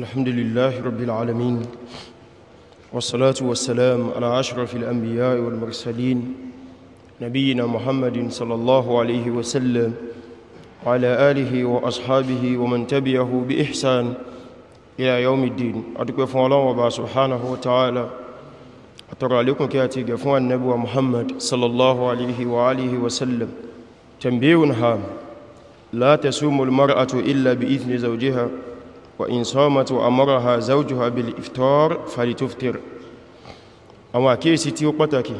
الحمد لله رب العالمين والصلاة والسلام على أشرف الأنبياء والمرسلين نبينا محمد صلى الله عليه وسلم وعلى آله وأصحابه ومن تبعه بإحسان إلى يوم الدين أتكوى فون الله وبا سبحانه وتعالى أترى لكم كاتي قفوى النبوى محمد صلى الله عليه وآله وسلم تنبيه هام لا تسوم المرأة إلا بإذن زوجها وإن صامت وأمرها زوجها بالإفطار فلتفطر àwọn àkíyèsí tí ó pàtàkì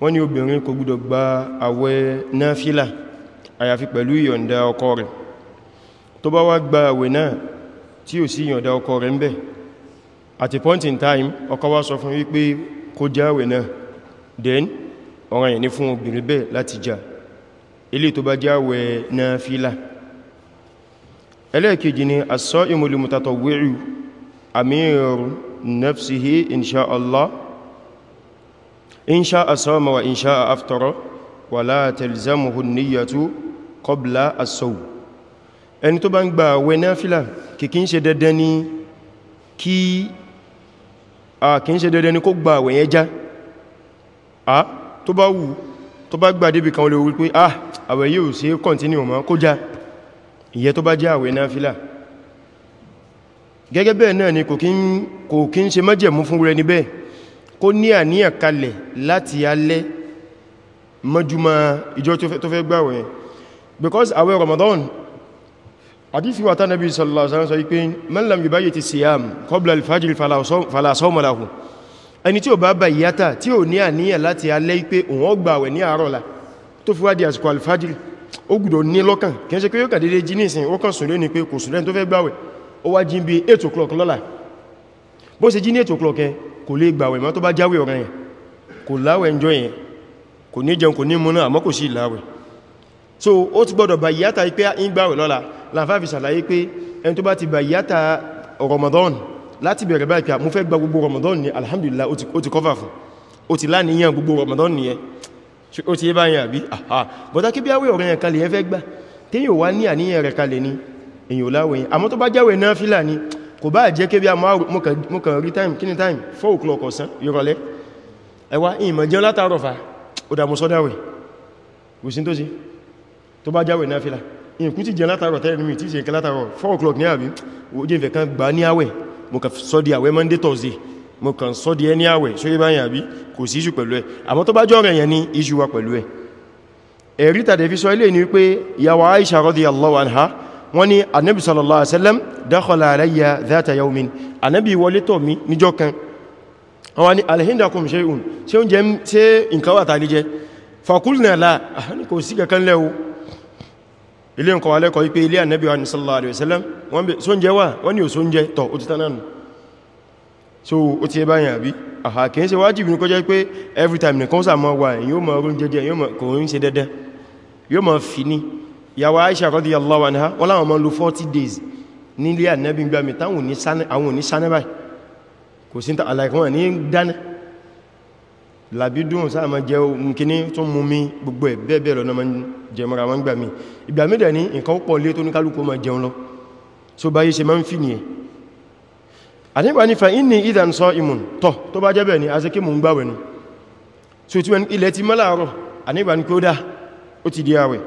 wọ́n ní obìnrin kò gbọ́dọ̀ gba àwẹ̀ náfílà àyàfi pẹ̀lú ìyọ̀ǹda ọkọ rẹ̀ tó bá wá gba àwẹ̀ náà tí ò sí ìyọ̀ǹda ọkọ rẹ̀ ń bẹ at a point in time ọkọ wá sọ fún wípé kó já àwẹ̀ náà then ọ̀ranyàn ni fún obìnrin bẹ́ẹ̀ láti já ilé tó bá já àwẹ̀ náfílà ẹlẹ́ẹ̀kejì ni as-sa'imul mutatawwi'u amiru nafsihi insha Allah insha asama wa insha aftara wa la talzamuhu an-niyyatu qabla as-sawm ẹni tó bá ń gba àwẹ̀ náfílà kìkí ń ṣe dandan ni kí a kì ń ṣe dandan ni kó gba àwẹ̀ yẹn já a tó bá wù tó bá gbà débi kan lè wípé ah àwẹ̀ yóò ṣe continue mọ́ kó já ìyẹ́ tó bá jẹ́ àwẹ̀ náfílà gẹ́gẹ́ bẹ́ẹ̀ náà ni kò kí ń ṣe májẹ̀mú fún rẹ níbẹ̀ kó ní àníyàn kalẹ̀ láti alẹ́ mọ́júmọ́ ìjọ tó fẹ́ gbàwẹ̀ because àwẹ̀ Ramadan àdífí wà tánàbí sallallahu alaihi wasallam sọ pé man lam yubayyit as lahu ẹni tí ó bá bá ìyátà tí ò ní àníyàn láti alẹ́ pé òun ó gbàwẹ̀ tó fi wá di àsìkò al ó gbọ́dọ̀ ní lọ́kàn kìí ṣe pé yóò kàdédé jí ní ìsìn ó kàn sùn lónìí pé kò sùn lẹ́ni tó fẹ́ gbàwẹ̀ ó wá jí bí 8 o'clock lọ́la bó ṣe jí ní 8 o'clock yẹn kò lè gbàwẹ̀ mọ́ tó bá jáwẹ̀ ọ̀ràn yẹn kò láwẹ̀ ń jọ yẹn kò ní jẹun kò ní múná àmọ́ kò sí ìláwẹ̀ so ó ti gbọ́dọ̀ bá ìyáta pé ń gbàwẹ̀ lọ́la láfáàfi ṣàlàyé pé ẹni Ramadan láti bẹ̀rẹ̀ báyìí pé mo fẹ́ Ramadan ni alhamdulillah ó ti kọ́fà fún ó ti láníyàn gbogbo Ramadan nìyẹn ó ti yé báyìí àbí àhá bọ́dá kí bí àwẹ̀ ọ̀rẹ́ yẹn kalẹ̀ yẹn fẹ́ gbà tí yíò wá ní àníyàn rẹ̀ kalẹ̀ ní èyàn láwẹ̀ yẹn àmọ́ tó bá jáwẹ̀ náà fílà ní kò bá jẹ́ kí bí mo kàn rí time kíni time 4 o'clock ọ̀sán ìrọ̀lẹ́ ẹwà ìmọ̀ jẹun látàárọ̀ fa ó dà mo sọ́dáwẹ̀ kò sí tó sí tó bá jáwẹ̀ mi tí ṣe nǹkan o'clock ní àbí ó jẹ́ kan gbà ní mo kàn sọ́ di àwẹ̀ Monday mo kàn sọ di ẹni àwẹ̀ ṣó yí báyìí àbí kò sí iṣu pẹ̀lú ẹ̀ àmọ́ tó bá jọ rẹ̀ yẹn ní iṣu wa pẹ̀lú ẹ̀ ẹ̀rí tàdé fi sọ ilé ni wípé ìyàwó Aisha radiyallahu anha wọ́n ní anabi sallallahu alaihi wasallam dakhala alayya dhata yawmin anabi wọlé tọ̀ mi wọ́n ní alhindakum sallallahu alaihi wasallam so o ti ẹbá yàn àbí àhà kìí ṣe wájìbì ní kọjá pé every time nìkan sàmọ́ wà yíó mọ̀ orún jẹjẹ yíó mọ̀ kò ń ṣe dẹ́dẹ́ yíó mọ̀ fi ní yàwó Aisha radiyallahu anha wọ́n láwọn mọ́ lo 40 days nílé ànẹ́bí gbàmì táwọn òní sánẹ́bà kò sí àlàkùnrin ní dáná làbídùn sáàmà jẹ́ nkíní tó mú mi gbogbo ẹ̀ bẹ́ẹ̀ bẹ́ẹ̀ lọ́nà máa ń jẹ mara wọn gbàmì ìgbàmì dẹ̀ so báyé ṣe máa ń àníbà ní fa inni idhan sa'imun tọ́ tó bá jẹ́bẹ̀ ní azẹ́kí mú ń gbáwẹ̀ nù so tí wọ́n ilẹ̀ ti mọ́láàrọ̀ àníbà ní kó dá ó ti di àwẹ̀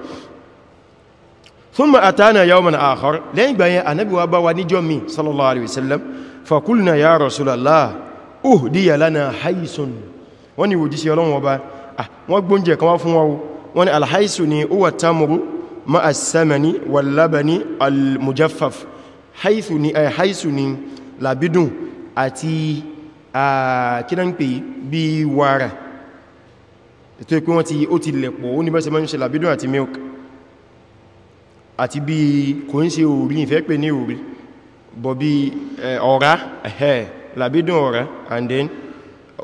thumma atana yawman akhar lẹ́yìn ìgbà yẹn ànábì wá bá ni wòjí sí ni làbídùn àti kínáńpé bí wàrà ètò ìpín wọ́n ti ó ti lẹ̀pọ̀ ó ní bẹ́ẹ̀ ṣe máa ń ṣe làbídùn àti milk àti bí kò ń ṣe òrí ìfẹ́ pè ní òrí bọ̀ bí ọ̀rá ẹ̀hẹ́ làbídùn ọ̀rá and then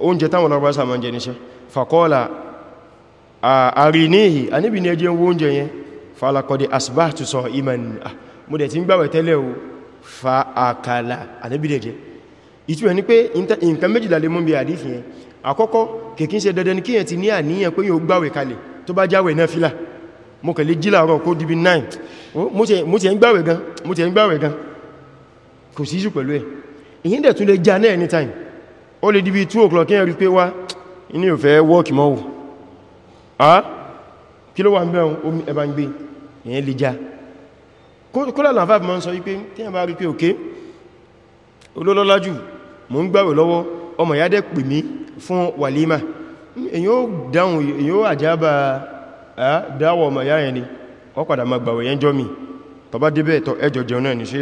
oúnjẹ táwọn lọ́rọ̀ sàmà jẹ níṣẹ́ fàkọ́ọ̀lá àríníhì aníbi ní ẹjẹ́ oúnjẹ yẹn falakọ́dẹ̀ asbáàtù sọ ìmàn mú dẹ̀ ti ń gbàwẹ̀ tẹ́lẹ̀ o fa akala ànábìdẹ̀jẹ́ ìtúwẹ̀ ní pé nǹkan méjìlá lè mú bí àdífì yẹn àkọ́kọ́ kìkín ṣe dandan kí yẹn ti ní àníyàn pé yóò gbáwẹ̀ kalẹ̀ tó bá jáwẹ̀ náà fílà mo kẹ̀ lè jí láàárọ̀ kó dìbí 9 mo ti ẹ̀ ń gbáwẹ̀ gan mo ti ẹ̀ gan kò sí ìṣù pẹ̀lú ẹ̀ èyí dẹ̀ tún lè já náà anytime ó lè dìbí 2 o'clock yẹn rí pé wá inú ò fẹ́ wọ́ọ̀kì mọ́ wù á kí ló wà ń bẹ́ẹ̀ omi ẹ̀bà ń gbé èyí lè kólà làfáà ma ń sọ wípé tí a bá rí pé òkè olólọ́lájù mò ń gbàwẹ̀ lọ́wọ́ ọmọ ìyá dẹ̀ pè mí fún wàlímà èyí ó dáhùn èyí ó àjábà dáwọ̀ ọmọ ìyá ẹni ó padà ma gbàwẹ̀ yẹn jọ mi tó bá tọ ẹjọ jẹun náà ní ṣe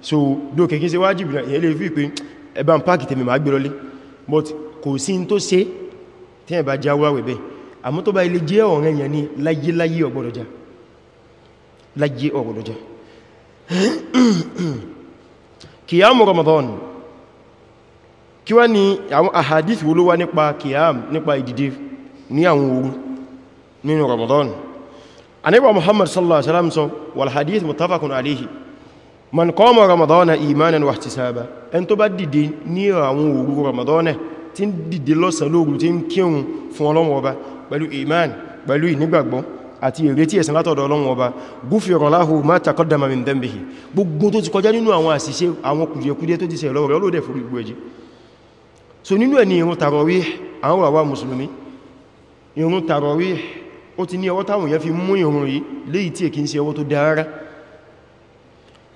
so dó kèkí sí wájìbì náà ìyẹn lè fi pé but kò sí tó ṣe tí ẹ bá jáwọ́ àwẹ̀ bẹ́ẹ̀ àmọ́ tó bá láyé ọ̀rọ̀lọ́ jẹ́ kìyàmù Ramadan kí wá ní àwọn ahadith wo ló wá nípa kìyàmù nípa ìdìde ní àwọn òru nínú Ramadan anábà Muhammad sallallahu alaihi wasallam sọ wal hadith muttafaqun alayhi man qama Ramadana imanan wa ihtisaba ẹn tó bá dìde ní àwọn òru Ramadana tí ń dìde lọ́sàn lóòrù tí ń kírun fún Ọlọ́run Ọba pẹ̀lú iman pẹ̀lú ìnígbàgbọ́ àti ìrètí ẹ̀sìn látọ̀dọ̀ ọlọ́run ọba gúfèrò láhù má takọ́dàmà min dẹ́mbìhì gbogbo tó ti kọjá nínú àwọn àṣìṣe àwọn kùdìẹ̀kùdìẹ̀ tó ti ṣẹ̀ lọ́wọ́ rẹ̀ olóòdẹ̀ fún gbogbo ẹjì so nínú ẹ̀ ni irun tàrọwí àwọn àwa mùsùlùmí irun tàrọwí ó ti ní ọwọ́ táwọn èèyàn fi mú irun yìí léyìí tí èkí ń ṣe ọwọ́ tó dára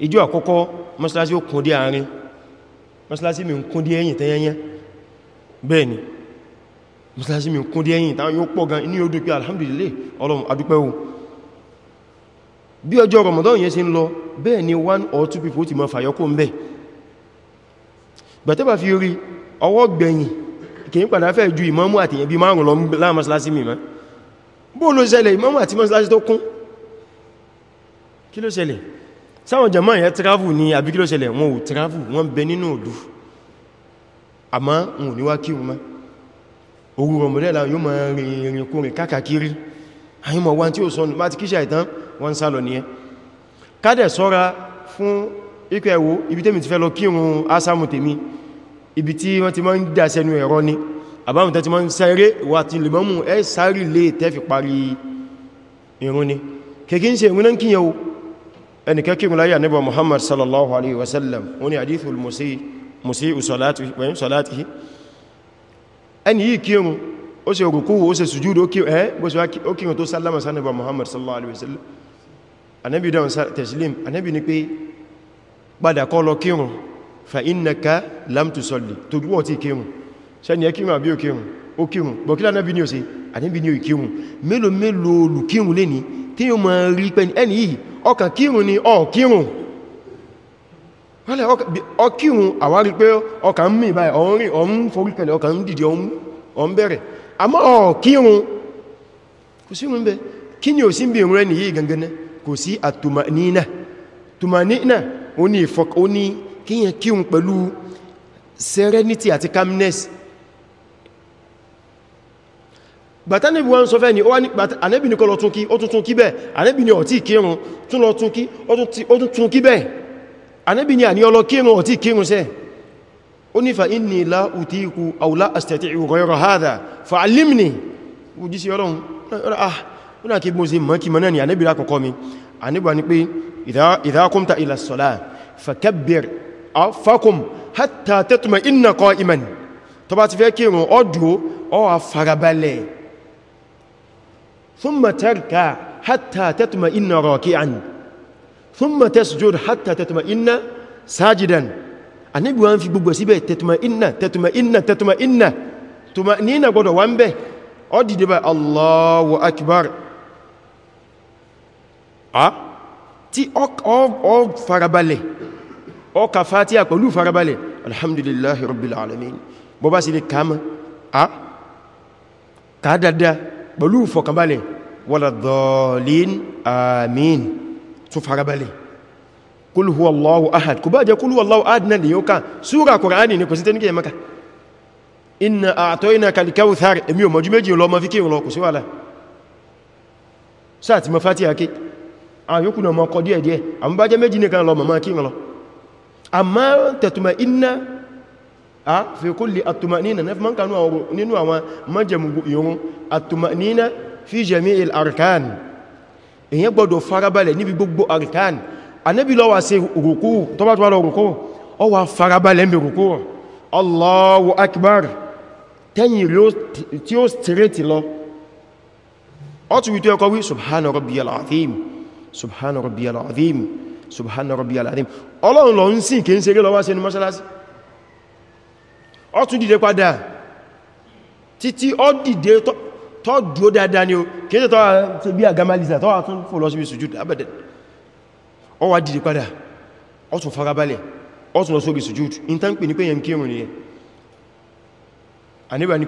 ìjọ àkọ́kọ́ mọ́sálásí ó kún dé àárín mọ́sálásí mi ń kún dé ẹ̀yìn tẹ́yẹnyẹ bẹ́ẹ̀ ni mùsùlùmí mi kún dé ẹ̀yìn táwọn yóò pọ̀ gan inú yóò dúpẹ́ alhamdulillah ọlọ́run adúpẹ́ o bí ọjọ́ Ramadan yẹn ṣe ń lọ bẹ́ẹ̀ ni one or two people ti mọ fàyọkó ń bẹ̀ bẹ̀tẹ́bà fi rí ọwọ́ gbẹ̀yìn kìí padà fẹ́ ju ìmámù àti ẹbí márùn lọ láàmọ́sílásí mi mọ́ bó ló òru rọmọdẹ́ la yóò mọ̀ rìn ìrìn kó rìn kákàkiri àyímọ̀ wọn tí ó sọnù bá ti kíṣà ìtàn wọ́n sálọ ní ẹ kádẹ̀ sọ́ra fún ikú ẹ̀wò ibi tẹ́mi ti fẹ́ lọ kírun ásámù tèmi ibi tí wọ́n ti máa ń dà sẹ́nu ẹ̀rọ ni àbámùtẹ́ ti máa ń sáré e Muhammad sallallahu alaihi wasallam ó ní hadithul musi musi usolatihi ẹni yìí kírun ó ṣe òkùnkú ó ṣe sùjúdù ó kírun tó sálámà sánàbà Muhammad sallallahu alaihi wasallam anábi dáhùn tẹ̀sílìm anábi ni pé padà kọ́ lọ kírun fa innaka lam tusalli tó dúwọ́ tí kírun ṣẹ́ni ẹ kírun àbí ò kírun ó kírun bọ̀kílá anábi ni ò sí anábi ni ò kírun mélòó mélòó olùkírun lé ní ẹni yìí ọkàn kírun ni ọ̀ kírun wọ́lẹ̀ ọkírun àwárí pé ọkà ń mì báyìí ọ̀rìn ọ̀rún forípẹ̀lẹ̀ ọkà ń dìde ọ̀n bẹ̀rẹ̀ àmọ́ ọkírun kò sí rúnbẹ̀ kí ni ò sí bí ìrún ẹni yìí gangan kò sí àtùmànínà tùmànínà ó serenity àti calmness bàtánìbí wọ́n sọ fẹ́ ni anẹ́bì ní kọ́ lọ tún kí ó tún tún kí bẹ́ẹ̀ anẹ́bì ní anábi ni a ní ọlọ kírun ọ̀tí kírun sẹ́ ó nífà inni la utiku aw la astati'u ghayra hadha fa'allimni ojú sí ọlọ́run ah ó náà kí gbọ́n sí mọ́kí mọ́ náà ni anábi lákọ̀ọ́kọ́ mi anábi wa ni pé idha qumta ila as-salah fakabbir fakum hatta tatma'inna qa'iman tó bá ti fẹ́ kírun ọdún ọ raki'an thumma tasjud hatta tatma'inna sajidan Ànábì wá ń fi gbogbo síbẹ̀ tatma'inna tatma'inna tatma'inna tuma'nina gbọdọ̀ wá ń bẹ̀ ó dìde bá Allahu akbar a tí ó farabalẹ̀ ó ka Fatiha pẹ̀lú farabalẹ̀ alhamdulillahi rabbil alamin bó bá sì lè kama a ká dada pẹ̀lú fọkànbalẹ̀ wala dhalin amin tó farabalẹ̀ kul huwa Allahu ahad kò bá jẹ́ kul huwa Allahu ahad náà lèyàn ká súra kòránì ní kò sí tẹ́nikẹ́ maka inna a'tainaka al-kawthar èmi ò mọ̀jú méjì lọ ma fi kí ìrọ̀lọ́ kò sí wàhálà sáà ti ma fàtí àkí àyókù náà mọ́ kọ díẹ̀ díẹ̀ àmú bá jẹ́ méjì nìkan lọ mọ̀mọ́ kí ìrọ̀lọ́ àmá tẹ̀tùmà inna a fi kulli at-tuma'nina náà fi mọ́ nínú àwọn májẹ̀mù ìrún at-tuma'nina fi jami'il arkan èyàn gbọ́dọ̀ farabalẹ̀ níbi gbogbo arkan anẹ́bí ló wá ṣe rùkú tó bá tó wá lọ rùkú ó wá farabalẹ̀ mẹ́ rùkú Allahu akbar tẹ́yìn tí ó straight lọ ó tún wító ẹkọ́ wí subhana rabbiyal azim subhana rabbiyal azim subhana rabbiyal azim ọlọ́run lọ ń sìn kí ń ṣeré tó dúó dáadáa ni o kéèsè tó bí àgámálìsà tó wà tún fò lọ síbi sùjúdù abẹ́dẹ̀ ọ wá dìde padà ọ tún farabalẹ̀ ọ tún lọ sóbi sùjúdù in tán pè ní pé yẹn kírùn ni yẹn àníbà ní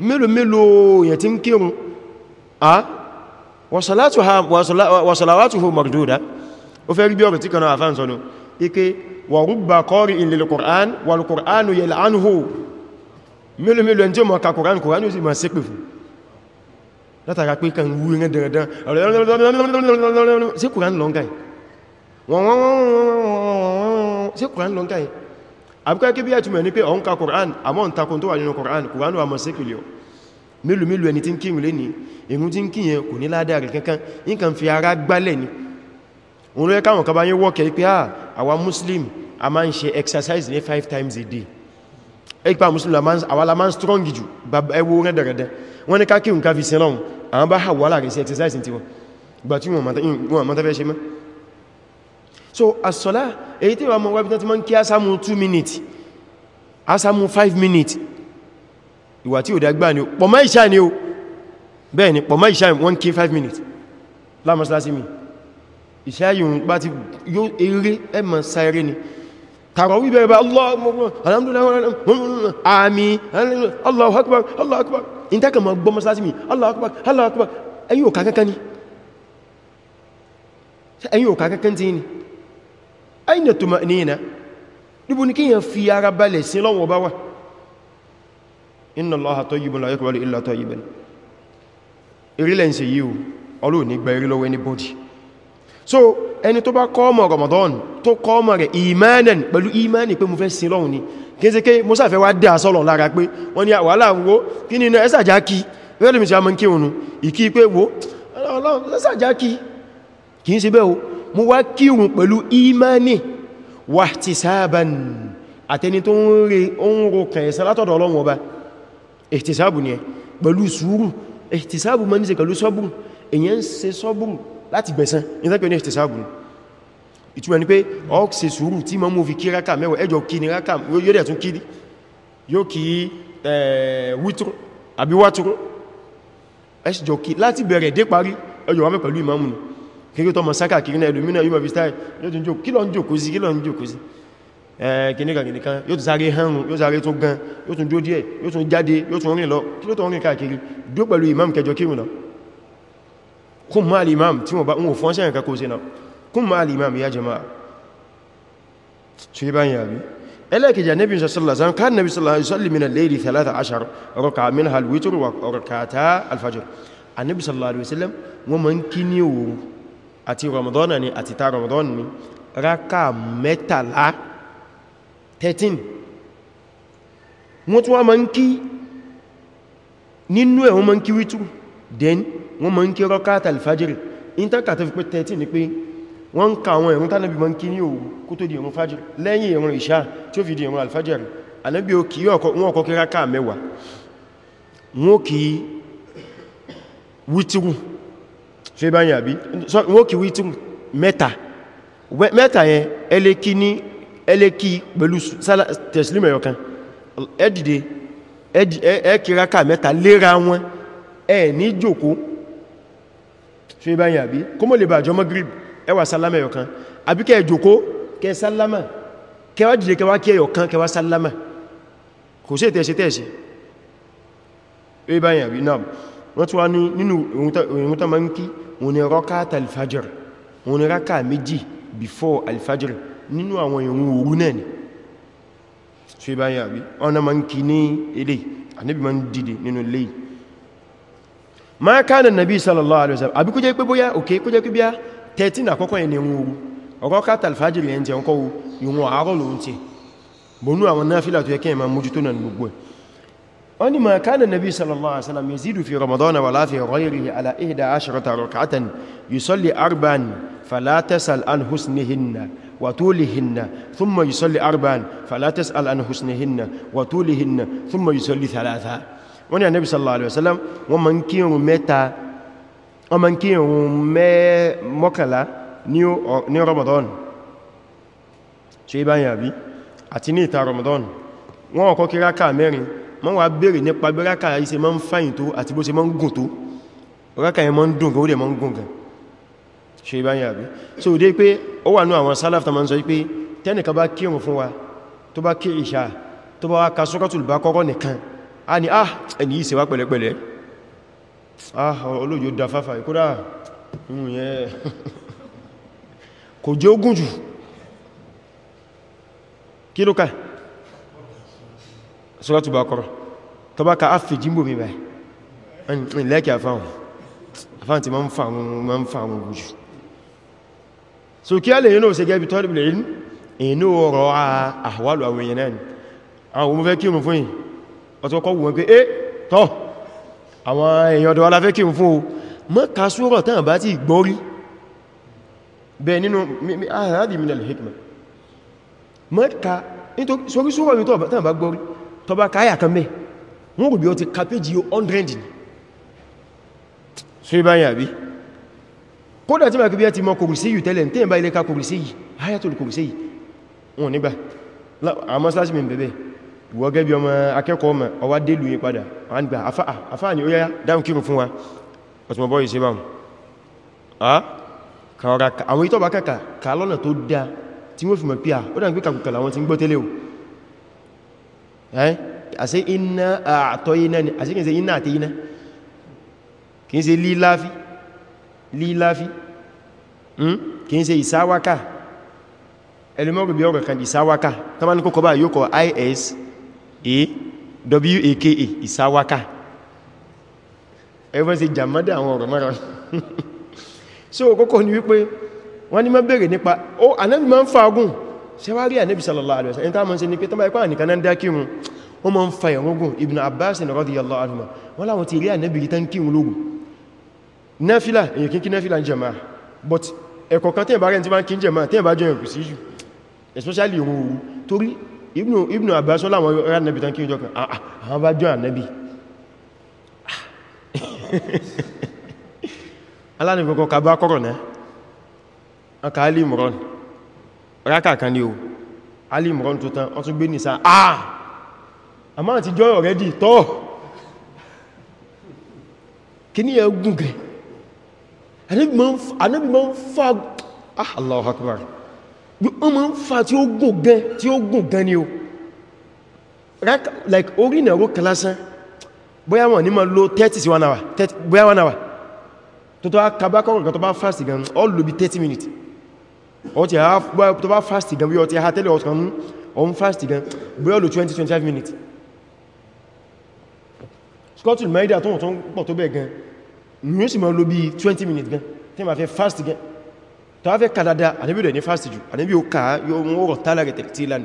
mélòó mélòó yẹn ti ń kírùn ah wasalawatuhu marduda o fẹ́ rí bí ọ̀rọ̀ tí kanáà àfáà sọ́nà ike wà rúgbà kọ́rì ilẹ̀ al-Qur'an wà al-Qur'an yẹ̀lẹ̀ anúhù mélòó mélòó ẹni tí ó mọ̀ ka Qur'an Qur'an yóò sì máa ṣépè fún látara pé kan wú irin dandan sí Qur'an lọ́ngá sí Qur'an lọ́ngá àbúkọ́ kí bí ẹ̀tùmẹ̀ ní pé ọ̀n ka Qur'an àmọ́ ń takun tó wà nínú Qur'an Qur'an wà mọ̀ ṣépè lẹ́ọ̀ mélòó mélòó ẹni tí ń kírun lé ní ìrun tí ń kí yẹn kò ní ládàá rẹ̀ kankan nǹkan fi ara gbálẹ̀ ni òun ló yẹ káwọn kan bá wọ́kẹ̀ pé à ah, àwa muslim a máa ń ṣe exercise ní five times a day ẹgbà muslim àwa la máa ń strong jù ẹwọ rẹ̀dẹ̀rẹ̀dẹ̀ wọ́n ní ká kírun ká fi sin lọ́hun àwọn bá hàwọ́ láàrin sí exercise tiwọn gbà tí wọ́n mọ́ta fẹ́ ṣe mọ́ so asọ́lá èyí tí wọ́n mọ́ wábítán ti mọ́ ń kí asámú 2 minutes asámú 5 minutes ìwà tí ò dágbà ni pọ̀mọ́ ìṣà ni ó bẹ́ẹ̀ ni pọ̀mọ́ ìṣà 1k 5 minutes lámọ́sílásí mi ìṣà yìí bá ti yóò eré ẹmọ̀ sáyẹrẹ ni tààrọ wíbẹ̀ bá Allahu Akbar Allahu Akbar ìntẹ́kàmọ̀ gbọ́ mọ́sílásí mi Allahu Akbar Allahu Akbar ẹ̀yin ò kàkẹ́kẹ́ ni ẹ̀yin ò kàkẹ́kẹ́ tí ni aina tumanina níbo ni kíyàn fi ara balẹ̀ sí lọ́wọ́ bá wà inna allaha tayyibun la yaqbalu illa tayyiban irile nse yi o olo ni gba iri anybody so ẹni tó bá ko mo ramadan tó ko mo re imanan pẹ̀lú imani pé mo fẹ́ sin Ọlọ́hun ni kese ke mo sa fẹ́ wa da so Ọlọ́hun lára pé wọ́n ní ah, wàhálà wo kíni na esa ja ki we le mi sa mo nki onu iki pé wo Ọlọ́hun esa ja ki se be o mo wá kírun pẹ̀lú imani wahtisaban àtẹni tó ń ro kàn ẹ̀san látọ̀dọ̀ Ọlọ́hun Ọba ihtisabu ni ẹ pẹ̀lú sùúrù ihtisabu ma ní ṣe pẹ̀lú sọ́bùrù èyàn ń ṣe sọ́bùrù láti gbẹ̀san ní tẹ́kẹ̀ẹ́ ní ihtisabu ni ìtumọ̀ ni pé ọ ṣe sùúrù tí ma mú fi kí rákà mẹ́wàá ẹjọ kí ni rákà yóò dẹ̀ tún kí ní yóò kí wítún àbí wátún ẹjọ kí láti bẹ̀rẹ̀ dé parí ẹjọ wà mẹ́ pẹ̀lú ìmáàmù kìníkà kìníkà yóò tún sáré hànrùn yóò sáré tún gan yóò tún jó díẹ̀ yóò tún jáde yóò tún rìn lọ kí ló tún rìn káàkiri dó pẹ̀lú imam kẹjọ kírùn náà kún máa lè imam tí wọ́n bá ń fọ́n sẹ́yìn kakó sí náà kún máa lè imam ya jama'a ṣe báyìí àbí ẹlẹ́kẹjì nabi sallallahu alaihi wasallam kan nabi sallallahu alaihi wasallam min al-layli 13 wọ́n tún wá ma ń kí nínú ẹ̀ ma ń kí wítù then wọ́n ma ń kí rọ́kátà alfajiri intaka tó fi pé 13 ni pé wọ́n ń ka àwọn ẹ̀rùn tánàbí ma ń kí ní òwú kó tó di ẹ̀rùn fajiri lẹ́yìn ẹ̀rùn ìṣá tí ó fi di ẹ̀rùn alfajiri anábí o kí wọ́n kọ́ kíra mẹ́wàá wọ́n kí wítìrù ẹlẹ́kí pẹ̀lú tẹ̀sílímọ̀ ẹ̀yọkan ẹdìde ẹkìrákà mẹ́ta léra wọn ẹ ní jòkó ṣe bá àbí kó mọ́ lè bàjọ́ Maghrib ẹ wá sálámà àbí kẹ́ jòkó kẹ́ sálámà kẹwàá dìde kẹwàá kí ẹ̀yọkan kẹwàá sálámà kò sí tẹ̀ẹ̀ṣe tẹ̀ẹ̀ṣe ṣe bá yìn àbí nínú àwọn ìrun òru náà ni ṣe bá yà bí ọ̀nà ma ń kí ní ilé ànábì ma ń dìde nínú ilé ma kana nabi sallallahu alaihi wasallam àbí kó jẹ́ pé bóyá òkè kó jẹ́ pé bí á 13 àkọ́kọ́ yẹn ni ìrun òru ọkọ́ káàtà alfajiri ẹn tí ọkọ́ ìrun àárọ̀ lòun ti bọnú àwọn náfílà tó yẹ kẹ́ ma mójútó sallallahu alaihi wasallam yazidu fi ramadan وطولهن ثم يصلي أربعا فلا تسأل عن حسنهن وطولهن ثم يصلي ثلاثا wọ́n ní ànábì sallallahu alaihi wasallam wọ́n ma ń kírun mẹ́ta wọ́n ma ń kírun mọ́kànlá ní Ramadan ṣe ibáyìn àbí àti ní ìta Ramadan wọ́n ọ̀kọ́ kí rákà mẹ́rin wọ́n wá bèèrè nípa bí rákà yìí ṣe ma ń fàyìn tó àti bó ṣe ma ń gùn tó rákà yẹn ma ń dùn gan ó dẹ̀ ma ń gùn gan ṣe ibáyìn àbí so dé pé ó wà ní àwọn salaf ta ma ń sọ wípé tẹ́nìkan bá kírun fún wa tó bá kí ìṣà tó bá wá ka suratul Baqara nìkan a ni ah ẹni yìí ṣe wá pẹ̀lẹ́pẹ̀lẹ́ ah olóòjò da fáfà ìkúrà kò jẹ́ ogun jù kí ló ká suratul Baqara tó bá ka áfì ah, jímbò mi báyìí lẹ́kì àfáhùn àfáhùn ti ma ń fa àwọn ogun jù so kí a lè yínú ṣe gẹ́bí tọ́lù lè yínú inú ọ̀rọ̀ àwọ̀lù àwọn èèyàn náà ni àwọn ohun eh tọ́ àwọn èèyàn ọ̀dọ̀ aláfẹ́ kírun fún o mọ́ ká súrọ̀ tán bá ti ahadi min al-hikma mọ́ ká sórí súrọ̀ mi tán bá gbọ́rí tọ́ bá káyà kan mẹ́ wọ́n rò bí ti kapéjì 100 ni báyìí àbí kódà tí ma kí bí ẹ ti mọ kòrìsí yìí tẹ́lẹ̀ tí ìbá ilé ká kòrìsí yìí ayatul kòrìsí yìí wọn nígbà àmọ́ sáàsì mi bẹ̀bẹ̀ wọ́gẹ́ bí ọmọ akẹ́kọ̀ọ́ ọmọ ọwá délù yìí padà wọ́n gbà afáà ni ó yá dáhùn kírù fún wa ọ̀tùmọ̀ bọ́ yìí sí bá àwọn ìtọ́ bá kàkà kà lọ́nà tó dá tí wọ́n fi mọ̀ pí à ó dà ń pé kàkùkà làwọn ti ń gbọ́ tẹ́lẹ̀ o líláfí hmm? kìí ṣe ìsáwáká ẹlùmọ́rù bí ọ̀rọ̀ kan ìsáwáká tó bá ní kókọ bá yóò kọ isawaka ìsáwáká ẹwọ́n ṣe jàmọ́dá àwọn ọ̀rọ̀ mọ́rọ̀ so kókọ ni wípé wọ́n ní mọ́ bèèrè nípa ó Ànábì máa ń fagún ṣẹwárí Ànábì sallallahu alaihi wasallam ẹni tá mọ́ sí ní pé tọ́bá ipá nìkan náà dákírun ó mọ́ ń fa ìrúgùn Ibn Abbas radiyallahu anhuma wọ́n láwọn ti rí Ànábì tán kírun lógún náfílà èyàn kí n kí náfílà ń jẹma but ẹ̀kọ̀ kan tẹ́yìn bá rẹ̀ tí bá ń kí ń jẹma jẹ́ ẹ̀kù sí jù especially ohun ooru torí Ibn Abbas láwọn ará nẹ́bì tán kí ìjọ kan ah, ah, àwọn bá jọ ànẹ́bì ah. alánìkọ̀kọ̀ kàbá kọ́rọ̀ náà Ali Imran rákà kan ní o Ali Imran tó tán ọtún gbé kí ní ẹgùn gẹ̀ẹ́ anábì ma ń fa ah Allahu Akbar wọ́n ma ń fa tí ó gùn gan tí ó gùn gan ni o like orí ìnàró kalasan bóyá wọn ní ma lo 30 sí 1 hour bóyá 1 hour tó tó akabakọ̀rọ̀ kan tó bá fast gan All lò bí 30 minutes ó ti ha tó bá fast gan bí ó ti ha tẹ́lẹ̀ ọ̀tọ̀ ọ̀n fast gan bóyá ó lò 20-25 minutes scotland maida tó wọ́n tó ń pọ̀ tó bẹ́ẹ̀ gan yóò sì máa lò bí 20 minutes gan tí ma fẹ́ fast gan tó wá fẹ́ ká dáadáa àníbí rẹ̀ ní fast jù àníbí ó ká yóò mú ọ̀rọ̀ tààlà rẹ̀ tẹ̀lẹ̀ tí lánì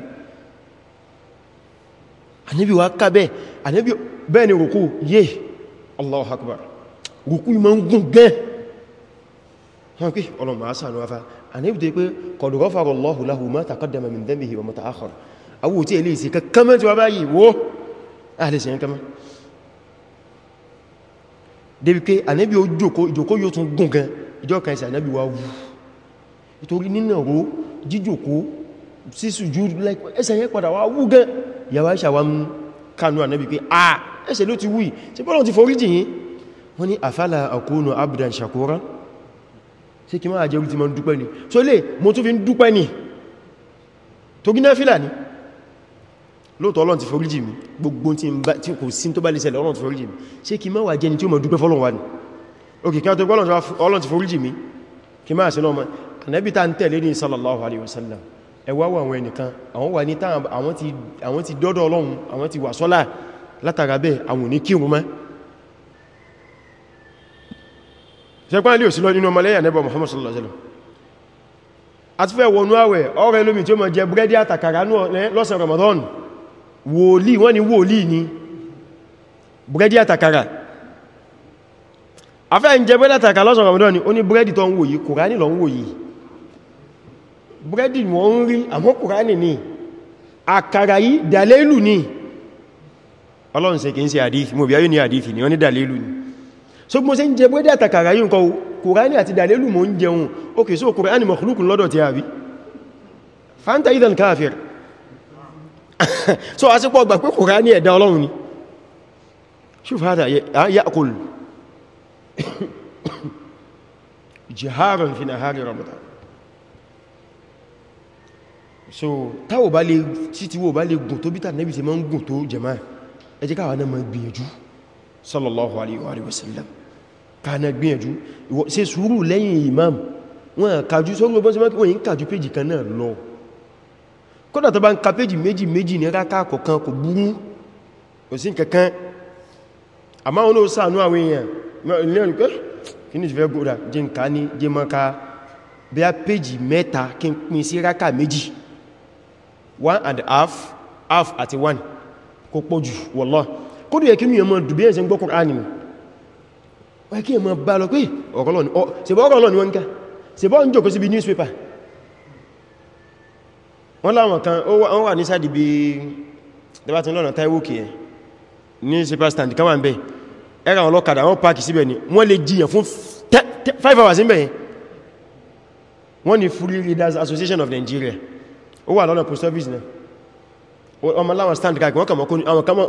àníbí wá ká bẹ́ẹ̀ àníbí bẹ́ẹ̀ ni rùkú yé Allahu Akbar rùkú ma ń gùn gan wọ́n pé ọlọ́run máa sànú afá àníbí tó débi pé ànábì ó jòkó ìjòkó yóò tún gùn gan ìjọ kan ìsẹ̀ ànábì wá wú ìtorí nínà ró jíjòkó sísù jú ẹsẹ̀ yẹn padà wá wú gan ìyàwó àìṣà wá mú kánú ànábì pé à ẹsẹ̀ ló ti wú ṣe bọ́lọ̀ ti forí jì yín wọ́n ní àfálà àkóónù abdan shakura lóòtọ́ Ọlọ́run ti foríjì mi gbogbo tí kò sí tó bá lè ṣẹlẹ̀ Ọlọ́run ti foríjì mi ṣé kí máa wà jẹni tí ó mọ̀ dúpẹ́ fọ́lọ́run wà ní òkè kí Ọlọ́run ti foríjì mi kí máa ṣe náà mọ́ ta ń tẹ̀lé ní sallallahu alaihi wasallam ẹwà wà àwọn ẹnìkan àwọn wà ní táwọn àwọn ti dọ́dọ̀ Ọlọ́run àwọn ti wà sọ́lá látara bẹ́ẹ̀ àwọn ní kírun mọ́ ṣẹpán Muhammad sallallahu alaihi wasallam àti fẹ́ wọnú àwẹ̀ ọ̀rẹ́ lómi tí ó mọ̀ jẹ búrẹ́dì àtàkàrà lọ́sẹ̀ Ramadan wòlíì wọ́n ni wòlíì ni búrẹ́dì àtàkàrà afẹ́ ń jẹ búrẹ́dì àtàkàrà lọ́sàn Ramadan ni ó ní búrẹ́dì tó ń wò yìí kùránì lọ ń wò yìí búrẹ́dì wọ́n ń rí àmọ́ kùránì ni àkàrà yìí dàlélù ni ọlọ́run ṣe kìí ṣe àdífì mọ̀ bí ayé ni àdífì ni wọ́n ní dàlélù ni so gbọ́n ṣe ń jẹ búrẹ́dì àtàkàrà yìí nǹkan kùránì àti dàlélù mọ̀ ń jẹun ok fanta idan káfíìrì so a sì pọ̀ gbà pé Kùránì ẹ̀dá Ọlọ́run ni ṣùfàdà ya'kul jiharan fi nahari Ramadan so táwò bá lè títíwò bá lè gùn tó bí tàbí ṣe máa ń gùn tó jẹma ẹ jẹ́ káwa náà máa gbìyànjú sallallahu alaihi wa sallam káàna gbìyànjú ṣe sùúrù lẹ́yìn imam wọn kàjú sọ́rọ̀ bọ́n sí mọ́kí wọ́n yí kàjú péjì kan náà lọ kódà tó bá ń ka péjì méjì méjì ní ráká kọ̀kan kò burú kò sí kankan àmá wọn ó sáànú àwọn èèyàn ilé ọ̀nà pé kí ní ìfẹ́ gúnra jẹ ń ká ní jẹ mọ́ ká bí a péjì mẹ́ta kí n pín sí ráká méjì one and half half àti one kò pọ̀ jù wallahi kódù yẹ kí ní ọmọ dùbí ẹ̀sẹ̀ ń gbọ́ Kùránì wọ́n kí ẹ̀mọ́ bá lọ pé ọ̀rọ̀ lọ́ni wọ́n ń ká ṣe bọ́ ń jòkó síbi newspaper wọ́n láwọn kan ó wà ní sáàdì bí dẹbàtí lọ́nà taiwo kì ẹ ní super stand kan wà ń bẹ ẹ̀rà wọn lọ́kadà wọ́n pàkì síbẹ̀ ni wọ́n lè jiyàn fún 5 hours ń bẹ̀yẹn wọ́n ni Free Readers Association of Nigeria ó wà lọ́nà post office náà ọmọ láwọn stand káàkiri wọ́n kàn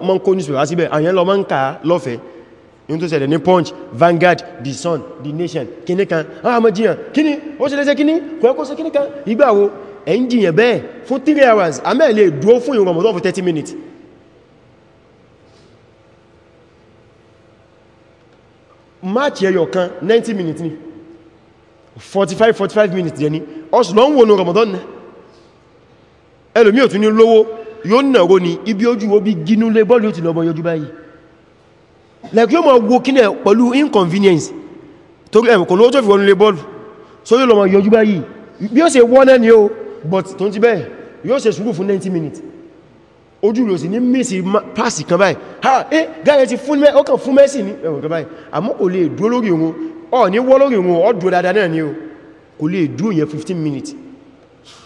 mọ́ kó newspaper wá síbẹ̀ àyẹn lọ mọ́ ń kà lọ́fẹ̀ẹ́ in tó ṣẹlẹ̀ ní punch Vanguard the Sun the Nation kíní kan àwọn ọmọ jiyàn kíní ó ṣe lẹ́sẹ̀ kíní ẹ̀njìyàn bẹ́ẹ̀ fún 3 hours a mẹ́ lè dúó fún ìrun Ramadan fún 30 minutes match ẹyọ kan 90 minutes ni 45-45 minutes jẹ́ ni ọ̀sùlọ́ ń wọnú Ramadan náà ẹlòmí ò tún ní lówó yóò nàró ni ibi ojú wo bí gínú lé bọ́ọ̀lù ti lọ́bọ̀ yọjú báyìí like yóò mọ̀ wo kínẹ̀ pẹ̀lú inconvenience torí ẹ̀mù kò lóòtò fi wọnú lé bọ́ọ̀lù so yóò lọ́mọ yọjú báyìí bí ó ṣe wọ́n náà ni ó but tó ń ti bẹ́ẹ̀ yóò ṣe sùúrù fún 90 minutes ojú lò sí ní mẹ́sì pàṣì kan báyìí ha eh gáyẹ ti fún ọkàn fún mẹ́sì ní ẹ̀wọ̀n kan báyìí àmọ́ kò lè dúró lórí òun ọ ní wọ́ lórí òun ọ dúró dáadáa náà ni o kò lè dúró yẹn 15 minutes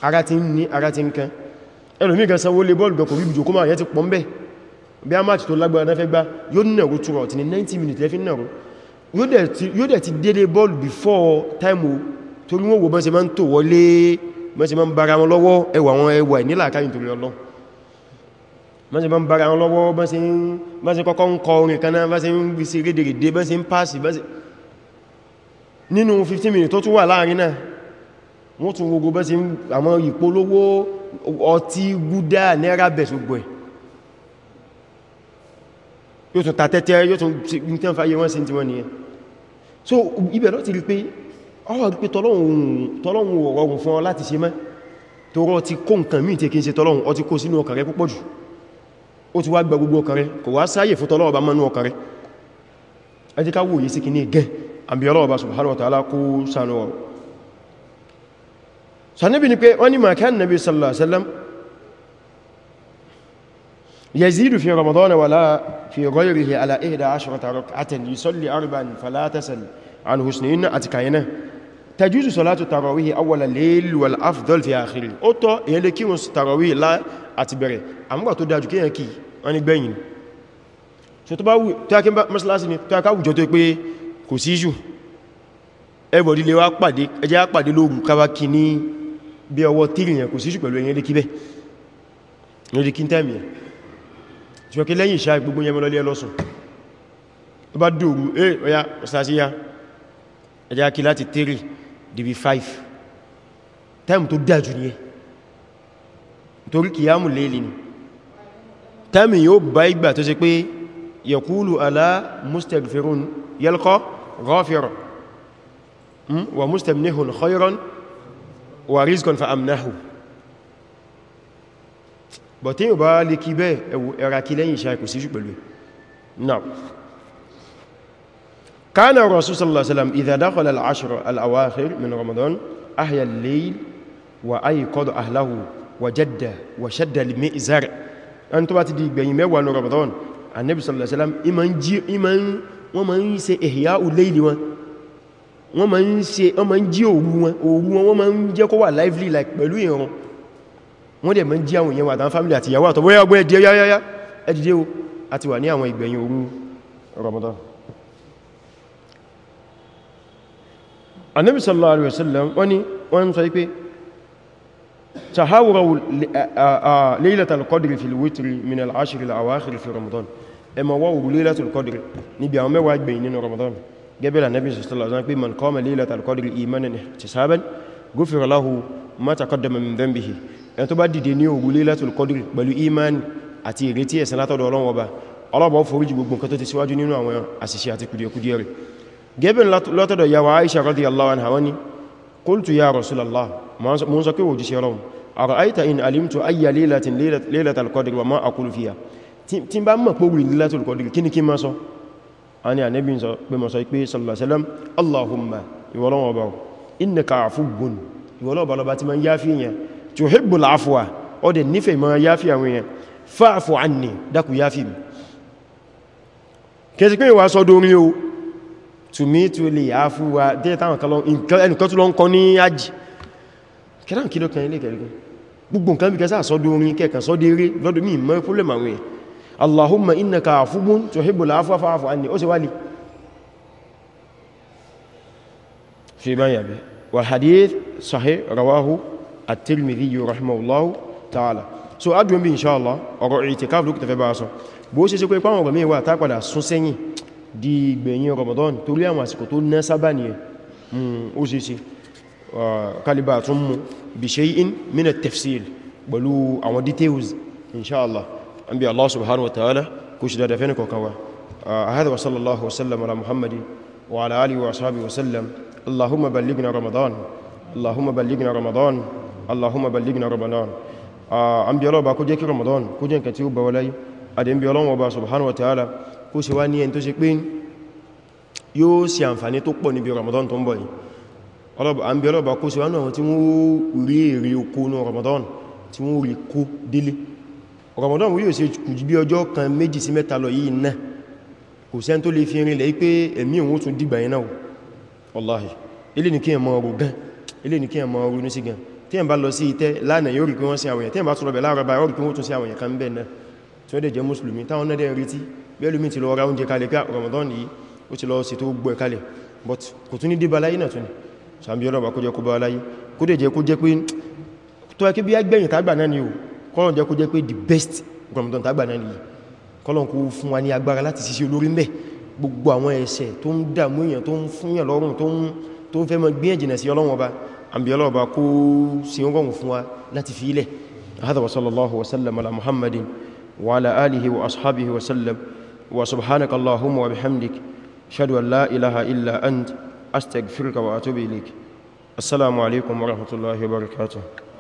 ara ti ní ara ti ń kan ẹlòmí kan sanwó lé bọ́ọ̀lù dọ̀kọ̀ bíbù jòkó máa yẹ ti pọ̀ ń bẹ̀ bí a máàkì tó lágbára náà fẹ́ gbá yóò nàró túrọ̀ tí ní 90 minutes lẹ́fí nàró yóò dẹ̀ ti dédé before time o torí wọ́n wò bọ́n ṣe máa ń mọ́sí ma ń bára wọn lọ́wọ́ ẹwà wọn ẹwà ìnílà káyìn torí ọlọ́ mọ́sí ma ń bára wọn lọ́wọ́ mọ́sí kọ́kọ́ ń kọ orin kaná mọ́sí ń gbí sí rédèrèdè mọ́sí ń pàṣì nínú 15 minutes tó tún wà láàrin náà wọ́n tún gbogbo bọ́sí àwọn ìpolówó ọtí gúdá náírà bẹ̀sùgbọ̀ ẹ̀ yóò tún ta tẹ́tẹ́ yóò ọwọ́ pé tọ́lọ́hun ọ̀rọ̀gùn fún ọ láti ṣe mẹ́ tó rọ ti kó nǹkan mí tí kí n ṣe tọ́lọ́hun ọ ti kó sínú ọkàn rẹ púpọ̀ jù ó ti wá gba gbogbo ọkàn rẹ kò wá sáyè fún tọ́lọ́hun bá mọ́nú ọkàn يزيد في رمضان ولا في غيره على 11 ركعة يصلي أربعا فلا تسل عن حسنين أتكاينه tajuzu salatu tarawih awwala layl wal afdal fi akhiri ó tọ́ èyàn lè kírun tarawih lá àti bẹ̀rẹ̀ àmúgbà tó dájú kíyàn kí wọ́n ni gbẹ̀yìn so tó bá wù tó yá kí mọ́sálásí ni tó yá ká wùjọ tó pé kò sí jù everybody lè wá ẹjẹ́ ẹjẹ́ á láti tírì dìbí 5 time tó dájú ní ẹ torí kìyàmù lèlì ni time yóò bá ìgbà tó ṣe pé yaqulu ala mustaghfirun yalqa ghafira hmm? wa mustamnihun khayran wa rizqan fa amnahu bọ̀tí yóò bá lè kí bẹ́ẹ̀ ẹ̀rà kí lẹ́yìn ìṣàkùsí كان الرسول صلى الله عليه وسلم إذا دخل العشر الأواخر من رمضان أحيا الليل وأيقظ أهله وجد وشد المئزر أن تبات دي بين ميوان رمضان النبي صلى الله عليه وسلم إمان جي إمان ومن يسي إحياء الليل وان wọ́n ma ń ṣe ọmọ ń jí òru wọn òru wọn wọ́n ma like pẹ̀lú ìran wọ́n dẹ̀ ma ń jí àwọn èèyàn wà tán family àti ìyàwó àtọ̀bọ́yà ọgbọ́ ẹ̀dẹ̀ yáyáyá ẹ̀dìdé o àti wà ní àwọn ìgbẹ̀yìn òru Ramadan annabi sallallahu alaihi wasallam wani wọ́n sọ pé tahawuru laylatul qadr fil witr min al ashr al awakhir fi ramadan ẹ ma wá òru laylatul qadr ní bi àwọn mẹ́wàá gbẹ̀yìn nínú ramadan gẹ́bẹ̀ la nabi sallallahu alaihi wasallam pé man qama laylatul qadr imanan ihtisaban ghufira lahu ma taqaddama min dhanbihi ẹn tó bá dìde ní òru laylatul qadr pẹ̀lú iman àti ìrètí ẹ̀san látọ̀dọ̀ Ọlọ́run Ọba Ọlọ́run bá foríjì gbogbo nǹkan tó ti síwájú nínú àwọn àṣìṣe àti kùdìẹ̀kùdìẹ̀ gẹ́bẹ̀ lọ́tọ̀dọ̀ yawa aisha radiyallahu anha wani qultu ya rasulallah mun sọ pé wò jíṣẹ́ rọrùn ara'aita in alimtu ayya lailatin lailatul qadr wa ma aqulu fiha tí bá mọ̀ pòwì lailatul qadr kí ni kí ma sọ a ni ànábì sọ pé ma sọ pé sallallahu alaihi wasallam allahumma ìwọlọ́wọ́ bá innaka afuwwun ìwọlọ́wọ́ bá lọ bá ti ma ń yáfi yẹn tuhibbul afwa ó dẹ̀ nífẹ̀ẹ́ ma yáfi àwọn yẹn fa'fu ìwà sọ́dọ̀ orin o to me to le afuwa dé táwọn kan lọ ẹnìkan tó lọ ń kọ ní ajì kẹ́lá kí ló kan ilé kẹ́lẹ́gùn gbogbo nǹkan bí kẹsà sọ́dọ̀ orin kẹ́kàn sọ́dọ̀ eré lọ́dọ̀ mí mọ́ problem àwọn èèyàn allahumma innaka afuwun tuhibbul afwa fa'fu anni ó sì wálé ṣe bá yàbí wal hadith sahih rawahu at-tirmidhi rahimahullahu ta'ala so adùn bí inshallah ọ̀rọ̀ ìtìkáf lókùtẹ̀fẹ́ bá sọ bó ṣe ṣe pé pàwọn ọ̀rọ̀ mí wà tá padà sún sẹ́yìn di ìgbẹ̀yìn Ramadan torí àwọn àsìkò tó ná sábà ní ẹ̀ hmm, ó sì sí kalibà tún mú bí ṣe in mina tafsil pẹ̀lú àwọn details inṣáàlá an bí Allah subhanahu wa ta'ala kó ṣe dáadáa fẹ́ni kọ̀kan wa a hada wa sallallahu wa sallam ala muhammadi wa ala alihi wa ashabi wa sallam allahumma balligna ramadan allahumma balligna ramadan allahumma balligna ramadan an bí ọlọ́ba kó jẹ́ kí ramadan kó jẹ́ nǹkan tí ó bá wọláyé adé ń bí ọlọ́wọ́ ba subhanahu wa ta'ala kó ṣe wá ní ẹni tó ṣe pé yóò ṣe àǹfàní tó pọ̀ níbi Ramadan tó ń bọ̀ yìí àmì ọlọ́bà kó ṣe wá náà tí wọ́n rí èrè oko ní Ramadan tí wọ́n rí kó délé Ramadan yóò ṣe kù bí ọjọ́ kan méjì sí mẹ́ta lọ yìí náà kò sẹ́ni tó lè fi rinlẹ̀ pé ẹ̀mí òun tún dìgbà yẹn náà wallahi ilé ní kí ẹ mọ ọrù gan ilé ní kí ẹ mọ ọrù ní sí gan tí ẹ bá lọ sí ìtẹ́ lánàá yóò rí pé wọ́n sí àwòyàn tí ẹ bá tún lọ bẹ̀ láàrọ̀ bá yóò rí pé wọ́n tún sí àwòyàn kan bẹ́ẹ̀ náà tí wọ́n dẹ̀ jẹ́ mùsùlùmí táwọn náà dẹ̀ retí bẹ́ẹ̀lú mi ti lọ ra oúnjẹ kalẹ̀ pé Ramadan yìí ó ti lọ sí tó gbọ́ kalẹ̀ but kò tún ní dé láyé náà tún ni sàbí ọlọ́bà kó jẹ́ kó bá láyé kó dẹ̀ jẹ́ kó jẹ́ pé tó ẹkí bí agbẹ̀yìn tàgbà náà ni o kọ́lọ̀ jẹ́ kó jẹ́ pé the best Ramadan tàgbà náà ni kọ́lọ̀ kó fún wa ní agbára láti ṣiṣẹ́ olórí mẹ́ gbogbo àwọn ẹ̀ṣẹ̀ tó ń dàmú èèyàn tó ń fúnyàn lọ́rùn tó ń fẹ́ mọ gbíyànjìnà sí Ọlọ́run Ọba àbí Ọlọ́run kó sí ọgọ́rùn fún wa láti fi ilẹ̀ هذا وصلى الله وسلم على محمد وعلى آله وأصحابه وسلم وسبحانك اللهم وبحمدك أشهد أن لا إله إلا أنت أستغفرك وأتوب إليك السلام عليكم ورحمة الله وبركاته